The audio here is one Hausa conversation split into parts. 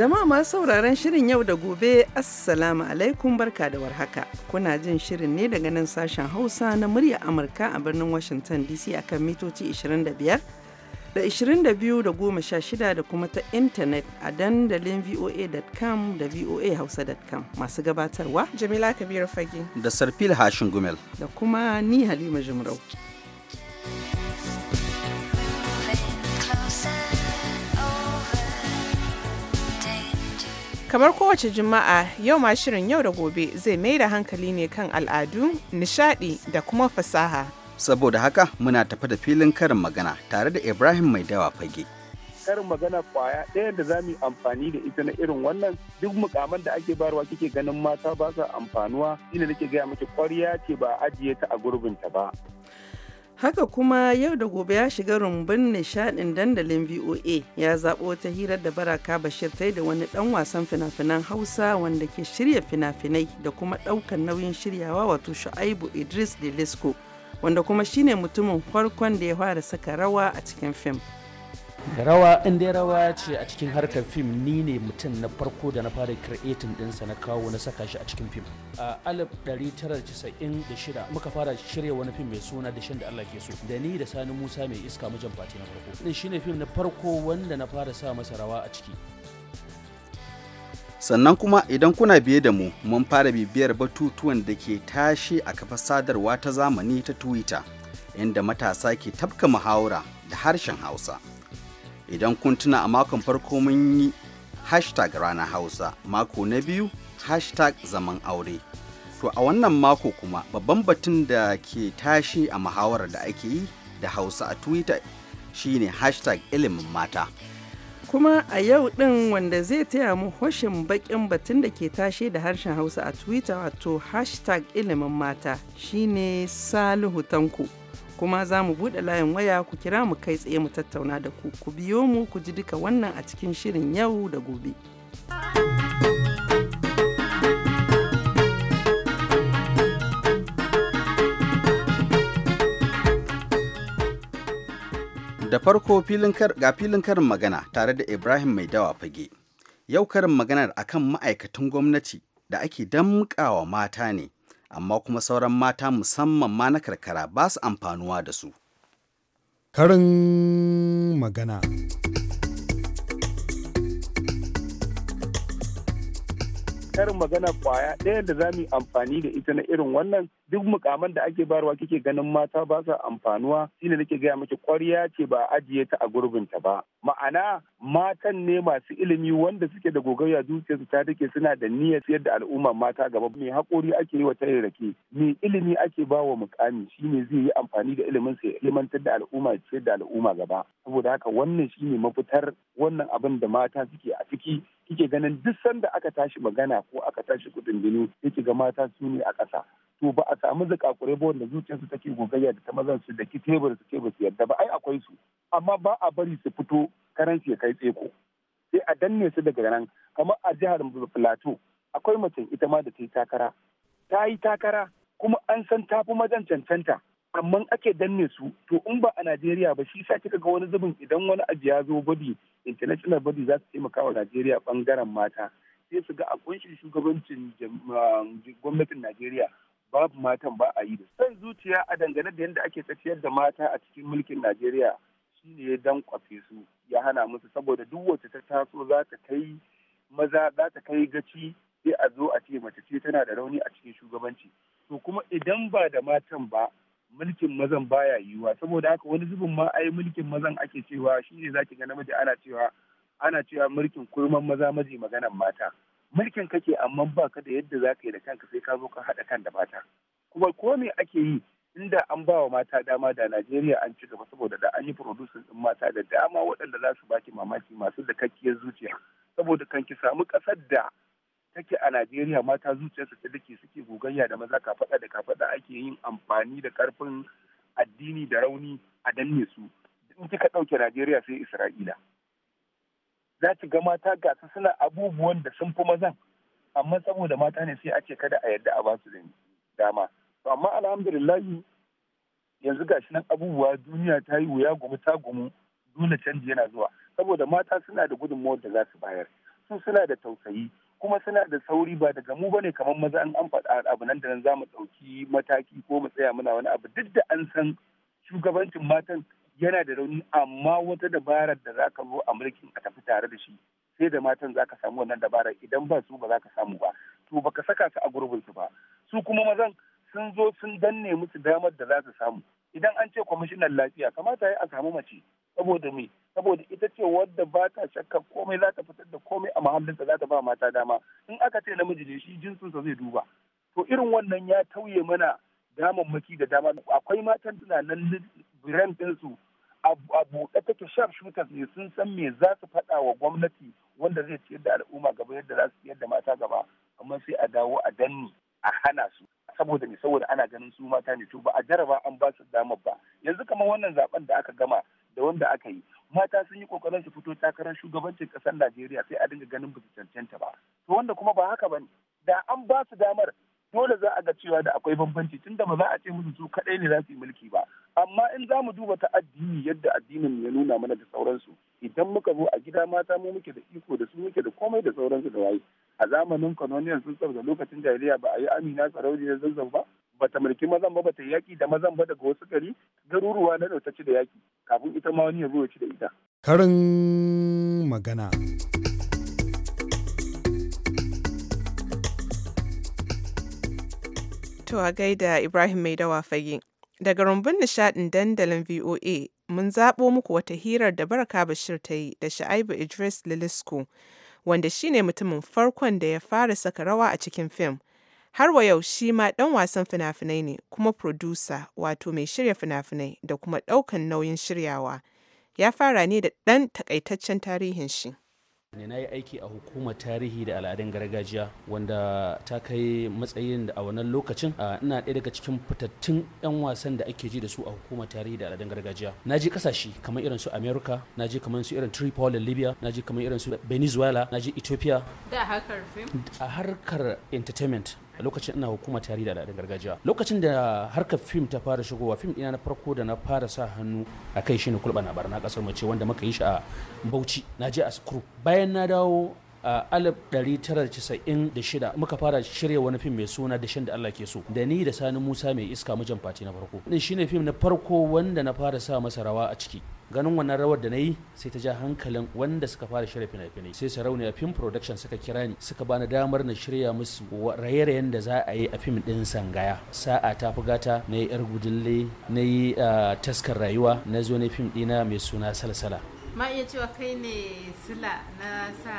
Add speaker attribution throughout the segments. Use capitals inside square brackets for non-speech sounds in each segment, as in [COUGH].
Speaker 1: Jama'a masu sauraron shirin yau da gobe, Assalamu alaikum barka da warhaka. Kuna jin shirin ne daga nan sashen Hausa na murya Amurka a birnin Washington DC akan mitoci 25 da 22 da 16 da kuma ta intanet a dandalin voa.com da voahausa.com masu gabatarwa. Jamila Kabiru Fage.
Speaker 2: Da Sarfil Hashin Gumel.
Speaker 1: Da kuma ni Halima Jumrau.
Speaker 3: Kamar kowace Juma'a, yau ma shirin yau da gobe zai mai da hankali ne kan al'adu, nishadi da kuma fasaha.
Speaker 2: Saboda haka muna tafi da filin karin magana tare da Ibrahim Mai Dawa Fage.
Speaker 3: Karin magana kwaya ɗaya da za mu
Speaker 4: amfani da ita na irin wannan duk mukaman da ake barwa kike ganin mata ba sa amfanuwa shine nake gaya miki kwarya ce ba ajiye ta a gurbinta ba.
Speaker 1: Haka kuma yau da gobe ya shiga rumbun nishadin dandalin VOA ya zaɓo ta hirar da baraka Bashir ta da wani ɗan wasan fina-finan Hausa wanda ke shirya fina-finai da kuma ɗaukar nauyin shiryawa wato Shu'aibu Idris Delisko wanda kuma shine mutumin farkon da ya
Speaker 5: fara saka rawa a cikin fim. rawa in dai rawa ce a cikin harkar fim ni ne mutum na farko da na fara creating dinsa na kawo na saka shi a cikin fim a 1996 muka fara shirya wani fim mai suna da shan da Allah ke so da ni da sani musa mai iska mujan fati na farko din shine fim na farko wanda na fara sa masa rawa a ciki
Speaker 2: sannan kuma idan kuna biye da mu mun fara bibiyar batutuwan da ke tashi a kafar sadarwa ta zamani ta twitter inda matasa ke tafka muhawara da harshen hausa idan kun tuna a makon farko mun yi hashtag ranar hausa mako na biyu hashtag zaman aure to a wannan mako kuma babban batun da ke tashi a muhawarar da ake yi da hausa a twitter shine hashtag ilimin mata
Speaker 1: kuma a yau din wanda zai taya mu hoshin bakin batun da ke tashe da harshen hausa a twitter wato hashtag ilimin mata shine salihu tanko kuma za mu buɗe layin waya ku kira mu kai tsaye mu tattauna da ku ku biyo mu ku ji duka wannan a cikin shirin yau da gobe.
Speaker 2: da farko ga filin karin magana tare da ibrahim mai dawa fage yau karin maganar akan ma'aikatan gwamnati da ake damƙawa mata ne amma kuma sauran mata musamman ma na karkara ba su amfanuwa da su.
Speaker 4: Karin magana. Karin magana kwaya ɗaya da za mu yi amfani da ita na irin wannan duk mukaman da ake bayarwa kike ganin mata ba sa amfanuwa shine nake gaya miki kwarya ce ba ajiye ta a gurbin ta ba ma'ana matan ne masu ilimi wanda suke da gogayya zuciyarsu ta take suna da niyyar siyar da al'umma mata gaba mai haƙuri ake yi wa tare rake mai ilimi ake ba wa mukami shine zai yi amfani da ilimin sa ya ilimantar da al'umma ya da al'umma gaba saboda haka wannan shine mafitar wannan abin da mata suke a ciki kike ganin duk sanda aka tashi magana ko aka tashi kudin jini kike ga mata su ne a ƙasa to ba a samu zakakure ba wanda zuciyarsu take gogayya da ta mazan su da ki tebur su ke ba su yarda ba ai akwai su amma ba a bari su fito karanci ya kai tseko sai a danne su daga nan kamar a jihar plateau akwai mace ita ma da ta yi takara ta yi takara kuma an san ta fi mazan cancanta amma ake danne su to in ba a Najeriya ba shi sa kika ga wani zubin idan wani abu ya zo body international body za su taimaka wa Najeriya bangaren mata sai su ga a kunshin shugabancin ah, gwamnatin Najeriya babu matan ba a yi da san zuciya a dangane da yadda ake tafiyar da mata a cikin mulkin najeriya shine ya dankwafe su ya hana musu saboda duk wacce ta taso za ta kai maza za ta kai gaci sai a zo a ce mace ce tana da rauni a cikin shugabanci to kuma idan ba da matan ba mulkin mazan baya yiwuwa saboda haka wani zubin ma ai mulkin mazan ake cewa shine zaki ga namiji ana cewa ana cewa mulkin kurman maza maji maganan mata mulkin kake amma ba ka da yadda za ka yi da kanka sai ka zo ka haɗa kan da mata kuma ko me ake yi inda an ba wa mata dama da Najeriya an ci gaba saboda da an yi producing ɗin mata da dama waɗanda za su baki mamaki masu da kakkiyar zuciya saboda kan ki samu ƙasar da take a Najeriya mata zuciyarsu ta dake suke gogayya da maza kafaɗa da kafaɗa ake yin amfani da ƙarfin addini da rauni a danne su in kika ɗauke Najeriya sai Isra'ila za ta ga mata ga suna abubuwan da sun fi mazan amma saboda mata ne sai a ce kada a yarda a ba su basu dama to amma alhamdulillah yanzu gashi nan abubuwa duniya ta yi wuya gumi ta gumu dole canji yana zuwa saboda mata suna da gudunmawar da za su bayar su suna da tausayi kuma suna da sauri ba daga mu bane kamar maza an an faɗa abu nan da nan za mu ɗauki mataki ko mu tsaya muna wani abu duk da an san shugabancin matan yana da rauni amma wata dabarar da za ka zo a mulkin a tafi tare da shi sai da matan za ka samu wannan dabarar idan ba su ba za ka samu ba to ba ka saka su a gurbin su ba su kuma mazan sun zo sun danne musu damar da za su samu idan an ce kwamishinan lafiya kamata ya a samu mace saboda me saboda ita ce wadda ba ta shakka komai za ta fitar da komai a muhallinta za ta ba mata dama in aka ce namiji ne shi jinsinsa zai duba to irin wannan ya tauye mana damammaki da dama akwai matan suna nan biran ɗinsu a buɗe take sharp shooters ne sun san me za su faɗa wa gwamnati wanda zai ciyar da al'umma gaba yadda za su ciyar da mata gaba amma sai a dawo a danni a hana su saboda me saboda ana ganin su mata ne to ba a jaraba an ba su damar ba yanzu kamar wannan zaben da aka gama da wanda aka yi mata sun yi kokarin su fito takarar shugabancin kasar Najeriya sai a dinga ganin ba su cancanta ba to wanda kuma ba haka bane da an ba su damar dole za a ga cewa da akwai bambanci tun da ba za a ce musu su kaɗai ne za su yi mulki ba amma in za mu duba ta addini yadda addinin ya nuna mana da sauransu idan muka zo a gida mata mu muke da iko da su muke da komai da sauransu da waye a zamanin kanoniyan sun da lokacin jahiliya ba a yi amina na zanzan ba bata mulki mazan ba ba bata yaki da mazan ba daga wasu gari garuruwa na ta ci da yaki kafin ita ma wani ya zo ya ci da ita karin magana
Speaker 3: To a gaida Ibrahim Maidawa dawa fage. Daga rumbun nishaɗin dandalin VOA mun zaɓo muku wata hirar da Baraka Bashir ta yi da Sha'aibu Idris Lilisko, wanda shi ne mutumin farkon da ya fara saka rawa a cikin fim. Har wa yau shi ma ɗan wasan fina-finai ne kuma producer wato mai shirya fina-finai da kuma ɗaukan nauyin shiryawa. Ya fara ne da ɗan takaitaccen tarihin shi.
Speaker 5: na yi aiki a hukumar tarihi da al'adun gargajiya wanda ta kai matsayin da a wannan lokacin ina ɗaya daga cikin fitattun 'yan wasan da ake ji da su a hukumar tarihi da al'adun gargajiya na je kasashe kamar irin su america na je kamar su irin tripoli libya na je kamar irin su venezuela na je ethiopia
Speaker 3: da harkar film
Speaker 5: a harkar entertainment a lokacin ina hukuma tarihi da al'adun gargajiya lokacin da harkar fim ta fara shigowa fim ɗina na farko da na fara sa hannu a kai shine kulɓa na barna ƙasar mace wanda muka yi shi a bauchi na je a sukuru bayan na dawo a 1996 muka fara shirya wani fim mai suna dashen da Allah ke so da ni da Sani Musa mai iska mijin fati na farko din shine fim na farko wanda na fara sa masa rawa a ciki ganin wannan rawar da na yi sai ta ja hankalin wanda suka fara shirya fina-finai sai sarauniya fim production suka kira ni suka bani damar na shirya musu raye-rayen da za a yi a fim din sangaya sa'a ta fi gata na yi yar gudulle na yi ah, taskar rayuwa na zo na fim dina mai suna salsala
Speaker 3: ma iya kai ne sila na sa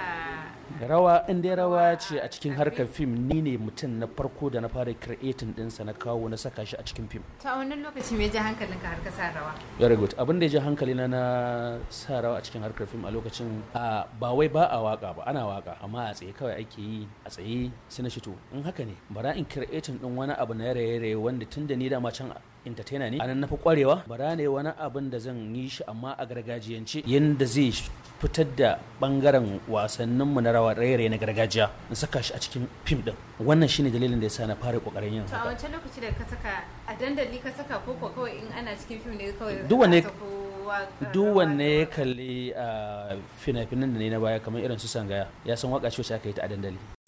Speaker 5: rawa in dai rawa ce a cikin harkar fim ni ne mutum na farko da na fara creating dinsa na kawo na saka shi a cikin fim
Speaker 3: ta wannan lokaci me ji hankalin ka harkar sa rawa
Speaker 5: very good abin da ya ji hankali na na sa rawa a cikin harkar fim a lokacin a ba wai ba a waka ba ana waka amma a tsaye kawai ake yi a tsaye sai na shito in haka ne bara in creating din wani abu na yare-yare wanda tun da ni dama can entertainer ne anan nafi kwarewa bara ne wani abin da zan yi shi amma a gargajiyance yadda zai fitar da bangaren wasanninmu na rawa raye na gargajiya in saka shi a cikin fim din wannan shine dalilin da yasa na fara kokarin yin haka
Speaker 3: a wancan lokaci da ka saka a dandali ka saka ko ko kawai in ana cikin fim ne kawai duk wanne
Speaker 5: duk wanne ya kalli ah, fina-finan da ne na baya kamar irin su sangaya ya san waka ce aka yi ta a dandali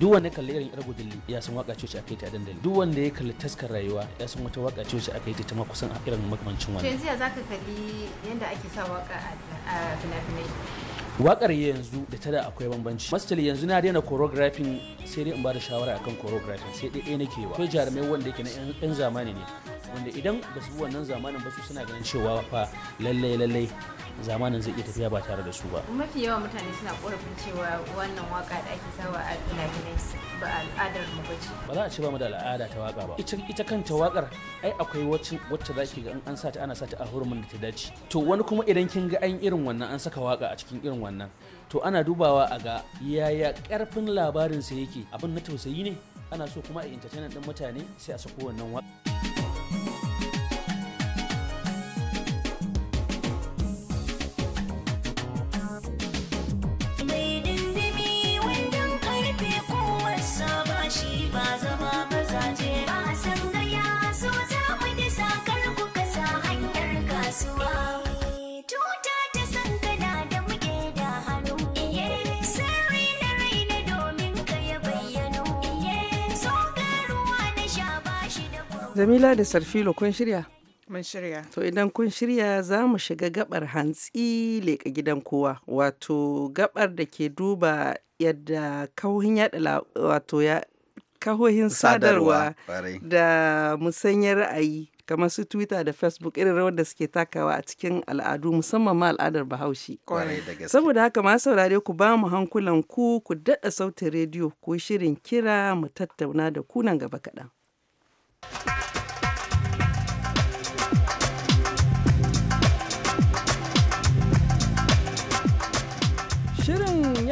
Speaker 5: duk wanda ya kalli irin yar gudulli ya san waka coci aka yi ta dandali duk wanda ya kalli taskar rayuwa ya san wata waka coci aka yi ta ma kusan a irin makamancin wani. yanzu
Speaker 3: ya zaka kalli yadda ake sa waka a finafinai.
Speaker 5: wakar yanzu da ta da akwai bambanci mastali yanzu na daina choreographing sai dai in ba da shawara akan choreographing sai dai ɗaya nake wa akwai jarumai wanda yake na yan zamani ne wanda idan ba su wannan zamanin ba su suna ganin cewa fa lallai lallai zamanin zai iya tafiya ba tare da su ba
Speaker 2: mafi yawan mutane suna korafin cewa wannan waka da ake sawa a fina ba al'adar
Speaker 5: mu bace ba za a ce ba mu da al'ada ta waka ba ita kanta wakar ai akwai wacce wacce ki ga an sa ta ana sa ta a hurumin da ta dace to wani kuma idan kin ga an irin wannan an saka waka a cikin irin wannan to ana dubawa a ga yaya karfin labarin sa yake abin na tausayi ne ana so kuma a entertainment din mutane sai a sako wannan waka
Speaker 1: Jamila da Sarfilo kun shirya? Mun shirya. To idan kun shirya za mu shiga gabar hantsi leƙa gidan kowa, wato gabar da ke duba yadda kauhin yaɗa wato ya kahohin sadarwa da musanyar ra'ayi kamar su twitter da facebook irin rawar da suke takawa a cikin al'adu musamman ma al'adar bahaushe saboda haka ma saurare ku ba mu hankulan ku ku daɗa sautin rediyo ko shirin kira mu tattauna da kunan gaba kaɗan.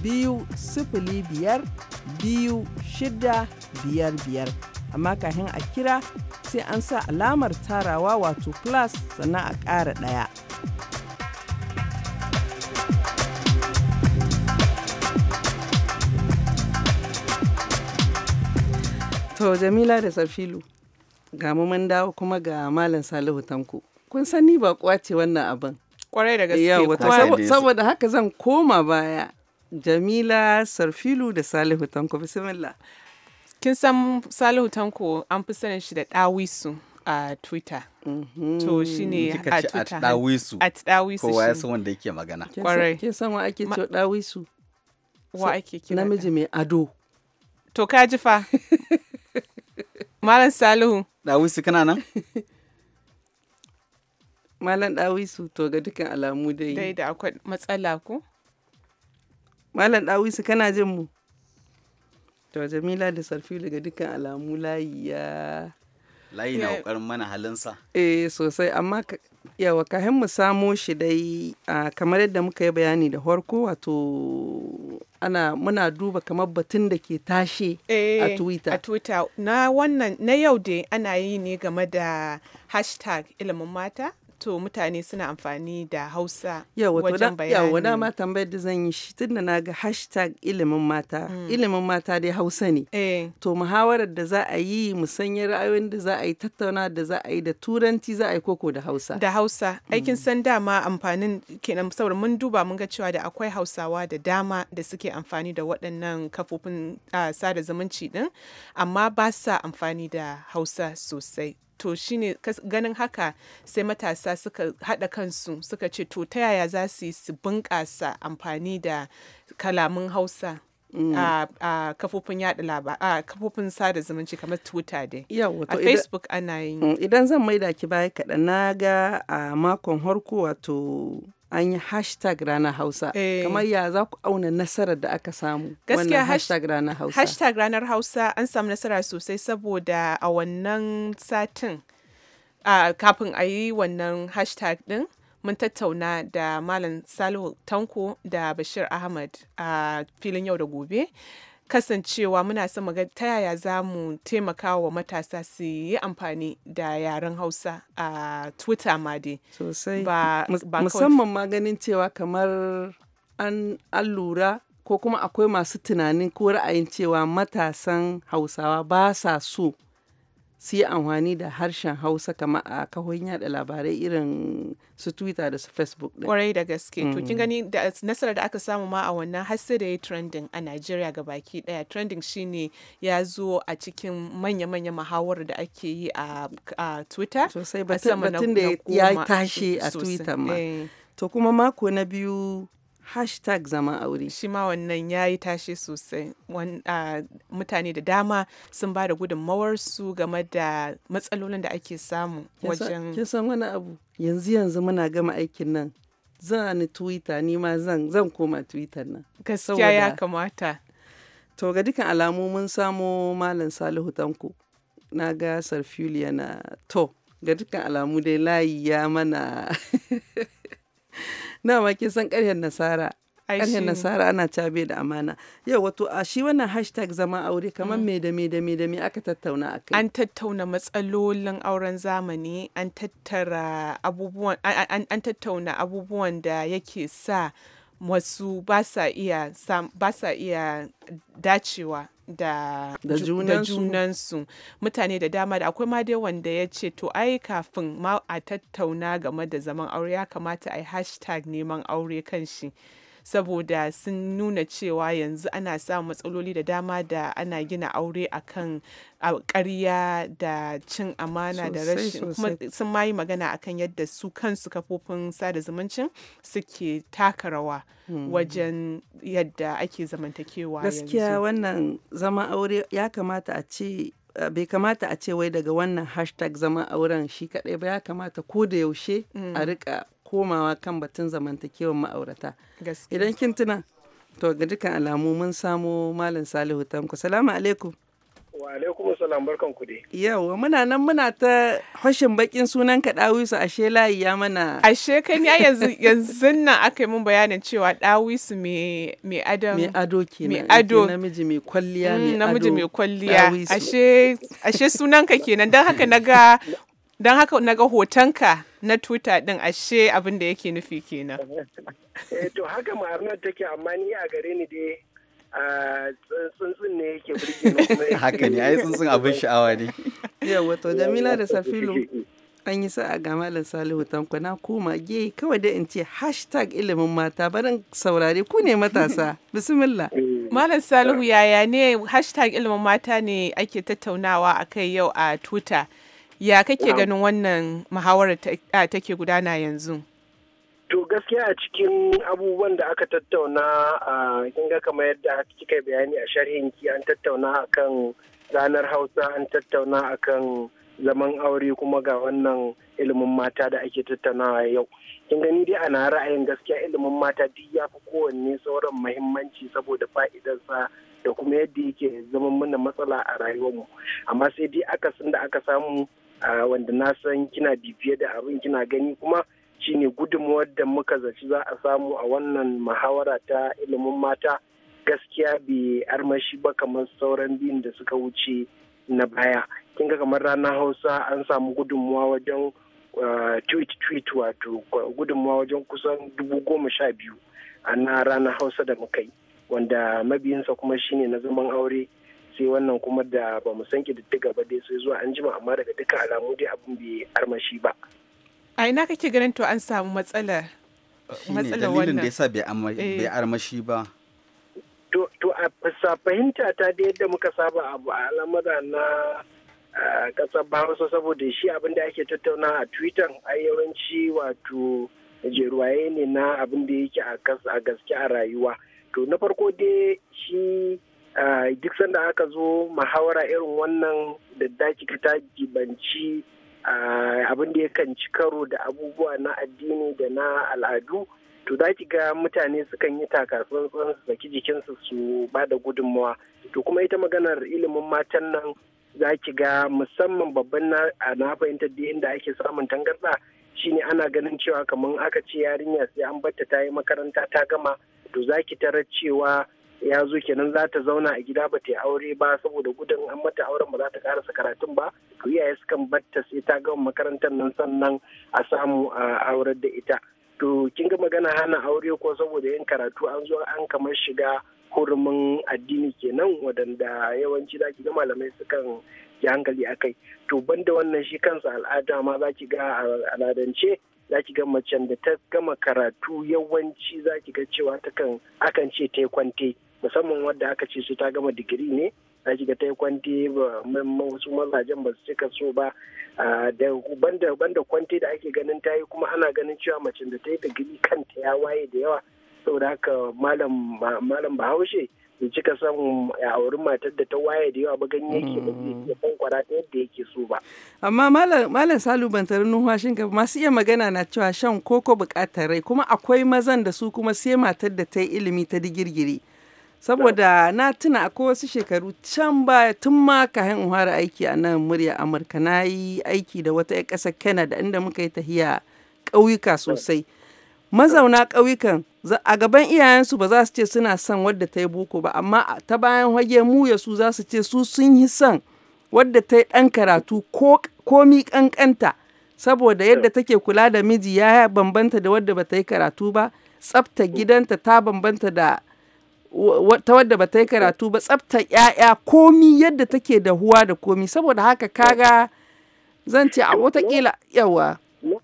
Speaker 1: biyu sifili biyar biyu shida biyar biyar amma kafin a kira sai an sa alamar tarawa wato plus sannan a ƙara ɗaya. To Jamila da Safilu ga mun dawo kuma ga Malam Salihu Tanko. Kun sani ba ce wannan abin. Kwarai da gaske. Saboda haka zan koma baya Jamila Sarfilu da Salihu Tanko bismillah.
Speaker 3: Kin san Salihu Tanko an fi sanin shi da dawisu a Twitter. Mhm. To shi ne a Twitter. At Dawisu. At ɗawisu Kowa ya san wanda
Speaker 2: yake magana. Kwarai.
Speaker 1: Kin san wa ake cewa dawisu Wa ake kira. Namiji mai
Speaker 2: ado.
Speaker 3: To ka ji fa. [LAUGHS] Malam Salihu.
Speaker 2: Dawisu kana nan?
Speaker 3: Malam Dawisu to ga dukkan alamu dai. Dai da akwai matsala ko?
Speaker 1: Malam Dawisu kana jin mu? To Jamila da Sarfi daga dukkan alamu layi ya
Speaker 3: layi na
Speaker 2: kokarin mana halinsa.
Speaker 1: Eh sosai amma yawa kahin mu samo shi dai kamar yadda muka yi bayani da harko wato ana muna duba kamar batun da ke tashe a eh, Twitter. A
Speaker 3: Twitter na wannan na yau dai ana yi ne game da hashtag ilimin mata. to mutane suna amfani da hausa wajen bayani yawa da ma
Speaker 1: tambayar da zan yi shi tunda na ga hashtag ilimin mata mm. ilimin mata dai hausa ne eh. to muhawarar da za a yi musanyar ra'ayoyin da za a yi tattauna
Speaker 3: da za a yi da turanci za a yi koko da hausa da hausa mm. aikin san dama amfanin kenan saboda mun duba mun ga cewa da akwai hausawa da dama da suke amfani da waɗannan kafofin uh, sada zumunci din amma ba sa amfani da hausa sosai to shine ganin haka sai matasa suka haɗa kansu suka ce to ta yaya za su yi su bunƙasa amfani da kalamin hausa Mm. a kafofin yada labarai a kafofin sada zumunci kamar twitter dai a facebook ana yin mm,
Speaker 1: idan zan maida ki baya kaɗan na ga a makon harko wato an yi hashtag ranar hausa eh. kamar ya za ku auna nasarar da aka samu gaskiya hashtag ranar hausa hashtag
Speaker 3: ranar hausa an samu nasara sosai saboda a wannan satin kafin a yi wannan hashtag din mun tattauna da malam salihu tanko da bashir ahmad a filin yau da gobe kasancewa muna son ga ta yaya za mu taimaka wa matasa su yi amfani da yaren hausa a twitter ma dai sosai musamman ma ganin
Speaker 1: cewa kamar an lura ko kuma akwai masu tunanin ko ra'ayin cewa matasan hausawa ba sa so su yi amfani da harshen hausa kama a kahohin yada labarai irin su twitter da su facebook din kwarai da gaske to kin mm.
Speaker 3: gani da nasarar da aka samu ma a wannan har sai da ya trending a Najeriya ga baki ɗaya trending shine ya zo a cikin manya-manya muhawar da ake yi a twitter sosai batun da ya tashi a twitter ma eh. to kuma mako na biyu hashtag zaman aure shi ma wannan ya yi tashi sosai mutane da dama sun ba da gudunmawarsu game da matsalolin da ake samu wajen kin
Speaker 1: san wani abu yanzu yanzu muna gama aikin nan zan ni twitter ni ma zan koma twitter nan gaskiya ya kamata to ga dukan alamu mun samo malam salihu tanko na ga sarfili yana to ga dukkan alamu dai layi ya mana [LAUGHS] na ma kin san ƙaryar nasara ƙaryar nasara ana cabe da amana yau wato a shi wannan hashtag zama aure kamar mm. me da me da me da me aka tattauna a kai
Speaker 3: an tattauna matsalolin auren zamani an tattara abubuwan an tattauna abubuwan da yake sa wasu ba sa iya dacewa da, da junansu mutane da dama da akwai ma dai wanda ya ce to ai kafin ma a tattauna game da zaman aure ya kamata a yi hashtag neman aure kan shi saboda sun nuna cewa yanzu ana samun matsaloli da dama da ana gina aure akan karya da cin amana da rashin kuma sun ma yi magana akan yadda su kansu kafofin sada zumuncin suke taka rawa hmm. wajen yadda ake zamantakewa gaskiya wannan
Speaker 1: zama aure ya kamata a ce bai kamata a ce wai daga wannan hashtag zama auren shi kaɗai ba ya kamata ko da yaushe a hmm. rika komawa kan batun zamantakewar ma'aurata idan kin tuna to ga dukkan alamu mun samo malam salihu tanku salamu alaikum
Speaker 6: wa alaikum salam barkan ku dai
Speaker 1: yawa muna nan muna ta
Speaker 3: hoshin bakin sunan ka dawisu ashe layi ya mana ashe kan ya yanzu yanzu nan aka yi mun bayanin cewa dawisu me me adam me ado kenan me ado namiji me kwalliya me mm, ado namiji me kwalliya ashe ashe sunan ka kenan dan haka naga don haka na ga hotonka na twitter din ashe abin da yake nufi kenan
Speaker 6: [LAUGHS] eh, to haka ma'arnar take amma ni a gare ni dai tsuntsun ne yake birgin haka ne ai tsuntsun abin sha'awa ne yawa to jamila da safilu
Speaker 1: an yi sa'a ga malam salihu tanko na koma ge kawai da in ce hashtag ilimin mata barin saurare ku ne matasa [LAUGHS] bismillah eh.
Speaker 3: malam salihu yaya ne hashtag ilimin mata ne ake tattaunawa a kai yau a twitter ya kake ganin wannan muhawarar take gudana yanzu to gaskiya a cikin
Speaker 6: abubuwan da aka tattauna a kin ga kamar yadda kika bayani a sharhin ki an tattauna akan ranar hausa an tattauna akan zaman aure kuma ga wannan ilimin mata da ake tattaunawa yau kin gani dai ana ra'ayin gaskiya ilimin mata duk ya fi kowanne sauran muhimmanci saboda fa'idarsa da kuma yadda yake zaman mana matsala a rayuwarmu amma sai dai akasin da aka samu wanda na san kina bibiye da abin kina gani kuma shine gudunmuwar da muka zaci za a samu a wannan muhawara ta ilimin mata gaskiya bai armashi ba kamar sauran biyun da suka wuce na baya kin kamar ranar hausa an samu gudunmuwa wajen tweet tweet wato gudunmuwa wajen kusan dubu goma sha biyu a na ranar hausa da muka yi wanda mabiyinsa kuma shine na zaman aure ce wannan kuma da ba mu san kididdiga ba dai sai zuwa an jima amma daga duka alamu dai abin
Speaker 3: bai armashi ba a ina kake ganin to an samu matsala matsala wannan dalilin da yasa
Speaker 2: eh. bai armashi ba
Speaker 3: to a fahimta ta
Speaker 6: da yadda muka saba abu a lamura na kasar Bahausa saboda shi abin da ake tattauna a Twitter a yawanci wato jeruwaye ne na abin da yake a gaske a rayuwa. To na farko dai shi duk sanda aka zo mahawara irin wannan da daki ta jibanci abin da yakan ci karo da abubuwa na addini da na al'adu to za ga mutane sukan yi takasun su saki jikinsu su ba da gudunmawa to kuma ita maganar ilimin matan nan za ki ga musamman babban na fahimtar da inda ake samun tangarɗa shine ana ganin cewa kamar aka ce yarinya sai an batta ta yi makaranta ta gama to za ki tarar cewa ya zo kenan za ta zauna a gida ba ta aure ba saboda gudun an mata auren ba za ta karasa karatun ba to iyaye sukan barta sai ta gama makarantar nan sannan a samu a aurar da ita to kin ga magana hana aure ko saboda yin karatu an zo an kamar shiga hurumin addini kenan wadanda yawanci za ki ga malamai sukan ki hankali a kai to banda wannan shi kansa al'ada ma za ki ga al'adance za ki ga macen da ta gama karatu yawanci za ki ga cewa takan akan ce ta kwante musamman wadda aka ce su ta gama digiri ne na shiga ta yi kwante wasu mazajen ba su cika so ba da banda kwante da ake ganin ta yi kuma ana ganin cewa macin da ta yi digiri kanta ya waye da yawa saboda haka malam bahaushe da cika son a wurin matar da ta waye da yawa ba ganin yake ba zai iya kwankwara ta yadda yake so ba.
Speaker 1: Amma malam salu ban tarin numfashin ka masu iya magana na cewa shan koko bukatar rai kuma akwai mazan da su kuma sai matar da ta yi ilimi ta digirgiri. saboda na tuna akwai wasu shekaru can baya tun ma ka in hara aiki a nan murya amurka na yi aiki da wata 'yan ƙasar canada inda muka yi tahiya ƙauyuka sosai mazauna ƙauyukan a gaban iyayensu ba za su ce suna son wadda ta yi boko ba amma ta bayan hage mu ya su za su ce su sun yi son wadda ta yi ɗan karatu komi ƙanƙanta saboda yadda take kula da miji ya bambanta da wadda ba ta yi karatu ba tsabta gidanta ta bambanta da ta wadda ba ta yi karatu ba tsabta ‘ya'ya komi yadda take da huwa da komi saboda haka kaga zan ce a watakila yawa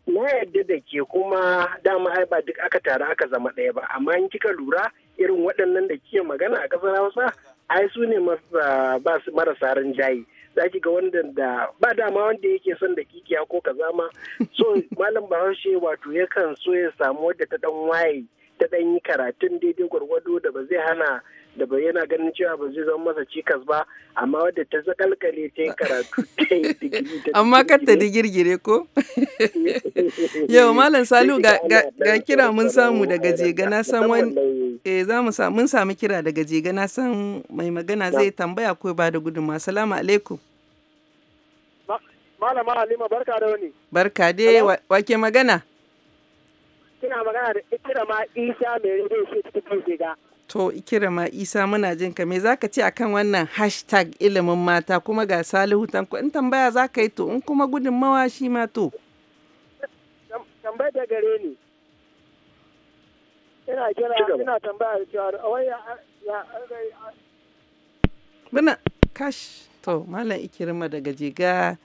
Speaker 6: na yadda da ke kuma dama ai ba duk aka tare aka zama ɗaya ba amma in kika lura irin waɗannan da ke magana a ƙasar hausa ai su ne marasa rinjaye za ki ga wanda da ba dama wanda yake son da kikiya ko kaza ma so [LAUGHS] malam bahaushe wato yakan so ya samu wadda ta dan waye ta ɗan yi karatun daidai gwargwado da ba zai hana da ba yana ganin cewa ba zai zama masa cikas ba amma wadda ta zakalkale ta yi karatu ta yi [LAUGHS] digiri amma kar ta
Speaker 1: digirgire ko
Speaker 6: [LAUGHS]
Speaker 1: yau malam salu ga kira mun samu daga jega na san wani eh za mu mun samu kira daga jega na san mai magana zai tambaya ko ba da gudunma assalamu alaikum
Speaker 6: malama halima barka da wani
Speaker 1: barka dai wake magana
Speaker 6: kina magana da ikirama isa mai rediyo shi cikin shiga
Speaker 1: to ikirama isa muna jin ka me zaka ce akan wannan hashtag ilimin mata kuma ga salihu tanko in tambaya zaka yi to in kuma gudunmawa shi ma to
Speaker 6: tambaya da gare ni ina kira ina tambaya da cewa wai ya
Speaker 1: Muna kash to malam ikirma daga jiga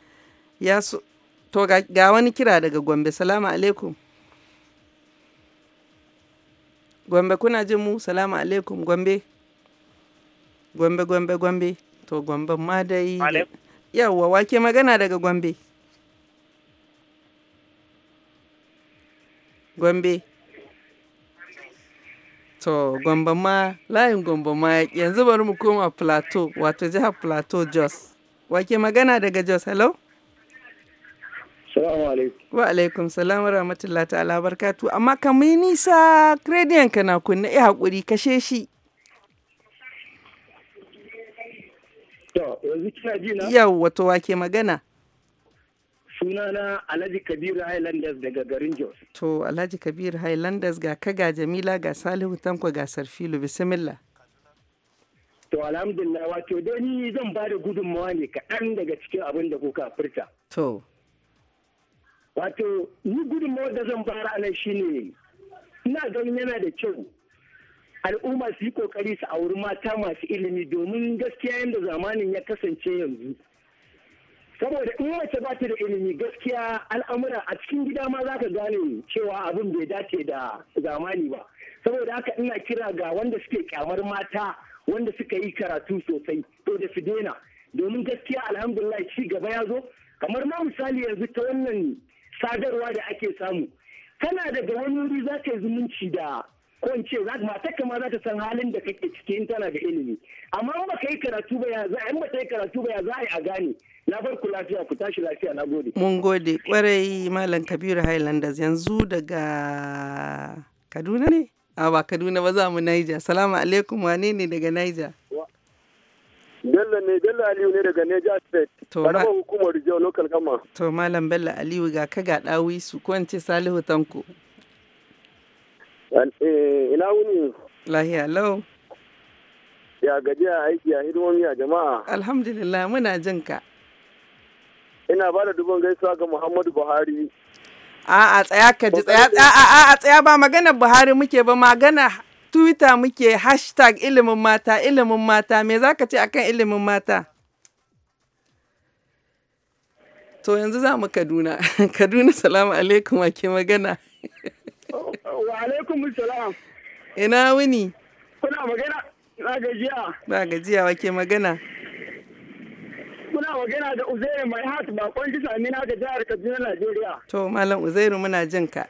Speaker 1: ya so to ga wani kira daga gombe salamu alaikum Gombe kuna jin mu salamu alaikum Gombe. Gombe Gombe Gombe to Gombe ma dai yawwa wake magana daga Gombe. Gombe. To Gombe ma layin Gombe ma yanzu bari mu koma Plateau wato jihar Plateau Jos. Wake magana daga Jos hello? Assalamu alaikum. Wa alaikum salam wa rahmatullahi ta'ala barkatu. Amma kamar nisa krediyan ka na kunna iya hakuri kashe shi.
Speaker 7: To, yanzu kina ji na?
Speaker 1: Yawwa to wake magana.
Speaker 7: sunana Alhaji Kabir Highlanders daga garin Jos.
Speaker 1: To Alhaji Kabir Highlanders ga ka ga Jamila ga Salihu Tanko ga Sarfilu bismillah.
Speaker 7: To alhamdulillah wato dai ni zan ba da gudunmawa ne kaɗan daga cikin abin da kuka furta. To. wato ni gudunmawar da zan fara anan shine ina ganin yana da kyau al'umma su yi kokari su auri mata masu ilimi domin gaskiya yadda zamanin ya kasance yanzu saboda in mace ba ta da ilimi gaskiya al'amura a cikin gida ma za ka gane cewa abin bai dace da zamani ba saboda haka ina kira ga wanda suke kyamar mata wanda suka yi karatu sosai to da su daina domin gaskiya alhamdulillah ci gaba ya zo kamar ma misali yanzu ta wannan sadarwa da ake samu kana daga wani wuri za ka yi zumunci da kwance za ka mata kama za ta san halin da kake ciki in tana da ilimi amma ba ka yi karatu ba za a ba ta yi karatu ba za a yi a gane na bar lafiya ku tashi lafiya na gode mun
Speaker 1: gode kwarai malam kabiru highlanders yanzu daga kaduna ne a ba kaduna ba za mu niger salamu alaikum wane ne daga niger Bello ne Bello Aliyu ne daga Niger State. To ma hukumar Rijiyar Local Gama. To Malam Bello Aliyu ga ka ga ɗawi su ko in ce Salihu Tanko. Eh,
Speaker 7: ina wuni.
Speaker 1: Lahiya lau.
Speaker 7: Ya gajiya aiki a hidimomi a
Speaker 1: jama'a. Alhamdulillah muna jin ka.
Speaker 7: Ina ba da dubon gaisuwa ga Muhammadu
Speaker 1: Buhari. A'a tsaya ka ji tsaya a'a, tsaya ba magana Buhari muke ba magana Twitter muke hashtag ilimin mata, ilimin mata, me za ka ce akan ilimin mata? To yanzu za mu Kaduna, [LAUGHS] Kaduna salamu alaikum ke magana.
Speaker 7: [LAUGHS] Wa alaikum salam.
Speaker 1: Ina wuni? Kuna
Speaker 7: magana, na gajiya.
Speaker 1: Ba gajiya wa ke magana.
Speaker 7: Kuna magana da Uzairu mai hat bakon jisa na ga jihar Kaduna, Najeriya.
Speaker 1: To, Malam Uzairu muna jin ka.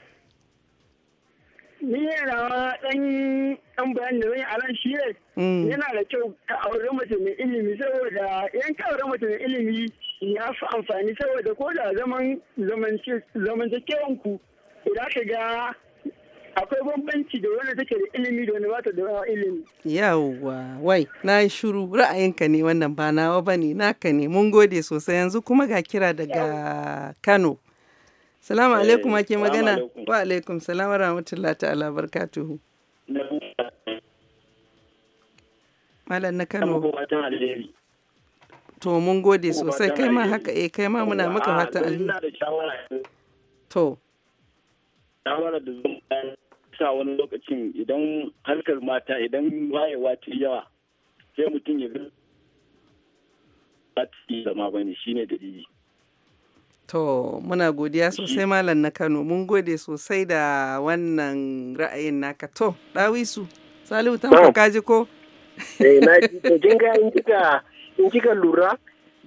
Speaker 7: ni yana dan dan bayan da zan yi alan shi ne mm. yana da kyau ka aure mace mai ilimi saboda yan ka aure mace mai ilimi ya fi amfani saboda ko da zaman zamantakewan ku idan ka ga akwai bambanci da wanda take da ilimi da wani ba ta da ilimi.
Speaker 1: Yawwa wai na yi shuru ra'ayinka ne wannan ba nawa ba ne naka ne mun gode sosai yanzu kuma ga kira daga Kano. Salamu eh, alaikum ake magana. Wa alaikum salam wa rahmatullahi ta'ala barkatuhu. Malam na Kano. To mun gode sosai kai ma haka eh kai ma muna maka fata
Speaker 7: alheri. To. Shawara da zan sa wani lokacin idan harkar mata idan wayewa ce yawa sai mutum ya
Speaker 4: zama bane shine dalili.
Speaker 1: To muna godiya sosai malam na Kano mun gode sosai da wannan ra'ayin naka to
Speaker 6: ɗawisu Salihu tamfa kaji ko? Eh, ji in kika lura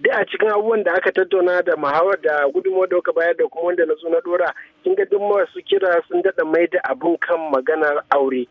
Speaker 6: duk a cikin abubuwan da aka tattauna da muhawar da gudunmawar da bayar da kuma wanda na zo dora kin ga duk masu kira sun daɗa mai da abun kan maganar aure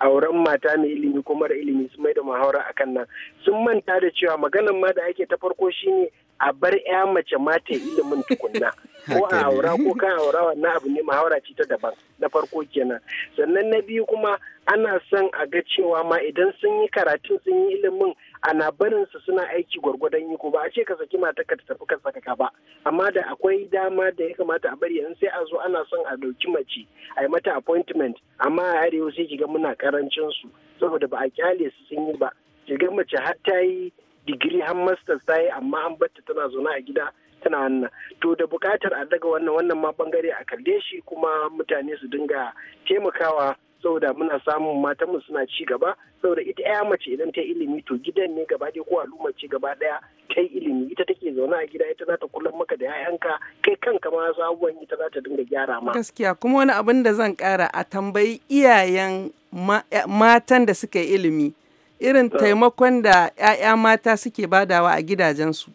Speaker 6: auren mata mai ilimi ko mara ilimi sun mai da muhawara akan nan sun manta da cewa maganar ma da ake ta farko shine a bar ya mace ma ta ilimin tukunna [LAUGHS] ko a aura ko kan aura wannan abu ne muhawara ce ta daban na farko kenan sannan na biyu kuma ana son a ga cewa ma idan sun yi karatun sun yi ilimin ana barin su suna aiki gwargwadon yi ko ba a ce ka saki mata ka tafi ka saka ka ba amma da akwai dama da ya kamata a bari in sai a zo ana son a dauki mace a yi mata appointment amma a arewa sai ki ga muna karancin su saboda ba a kyale su sun yi ba Ki ga mace har ta yi digiri har masters ta yi amma an batta tana zaune a gida tana wannan to da bukatar a daga wannan wannan ma bangare a kalle shi kuma mutane su dinga taimakawa saboda muna samun matanmu suna ci gaba saboda ita ya mace idan ta ilimi to gidan ne gaba ko al'umma ce gaba ɗaya ta ilimi ita take zaune a gida ita za ta kula maka da 'ya'yanka kai kanka ma abubuwan ita za ta dinga gyara ma
Speaker 1: gaskiya kuma wani abin da zan kara a tambayi iyayen matan da suka yi ilimi irin taimakon da 'ya'ya mata suke badawa a gidajensu.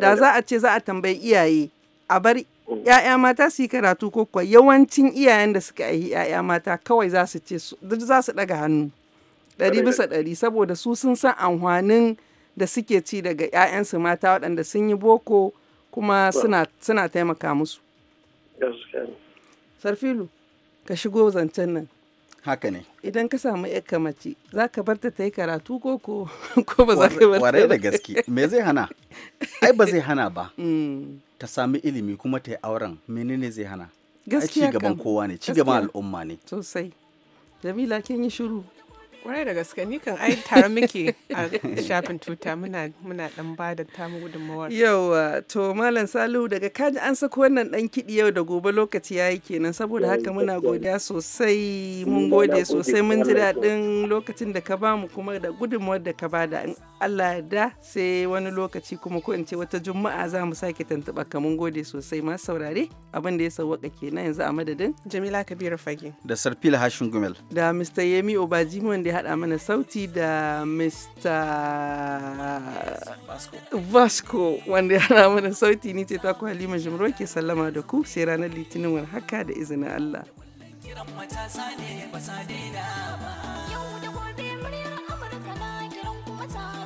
Speaker 1: Da za a ce za a tambayi iyaye a bar 'ya'ya oh. mata su yi karatu ko kuwa yawancin iyayen da suka yi 'ya'ya mata kawai za su ce ɗaga hannu ɗari bisa ɗari saboda su sun san amfanin da suke ci daga 'ya'yansu mata waɗanda sun yi boko kuma suna taimaka musu. Sarfilu, ka shigo zancen nan. haka ne idan ka samu yakka mace za ka barta ta yi karatu ko ko [LAUGHS] ba za ka barta da gaske
Speaker 2: me zai hana ai ba zai hana ba [LAUGHS] mm. ta sami ilimi kuma ta yi auren menene zai hana gaskiya ci gaban kowa ne ci gaban al'umma
Speaker 3: ne sosai jamila kin yi shiru Kwarai da gaske ni kan ai tare muke a shafin tuta muna muna dan ba da tamu gudunmawar.
Speaker 1: Yawa to Malam salihu daga kaji an sako wannan dan kiɗi yau da gobe lokaci yayi kenan saboda haka muna godiya sosai mun gode sosai mun ji dadin lokacin da ka bamu kuma da gudunmawar da ka bada Allah da sai wani lokaci kuma ko in ce wata juma'a za mu sake tuntuɓa kamun gode sosai ma saurare abinda da ya sauwaka kenan yanzu a madadin Jamila Kabiru Fage
Speaker 2: da Sarfila Hashin Gumel
Speaker 1: da Mr. Yemi Obajimi wanda ya haɗa mana sauti da Mr. Vasco wanda ya haɗa mana sauti ni ce ta Halima Jimro ke sallama da ku sai ranar Litinin haka da izinin Allah.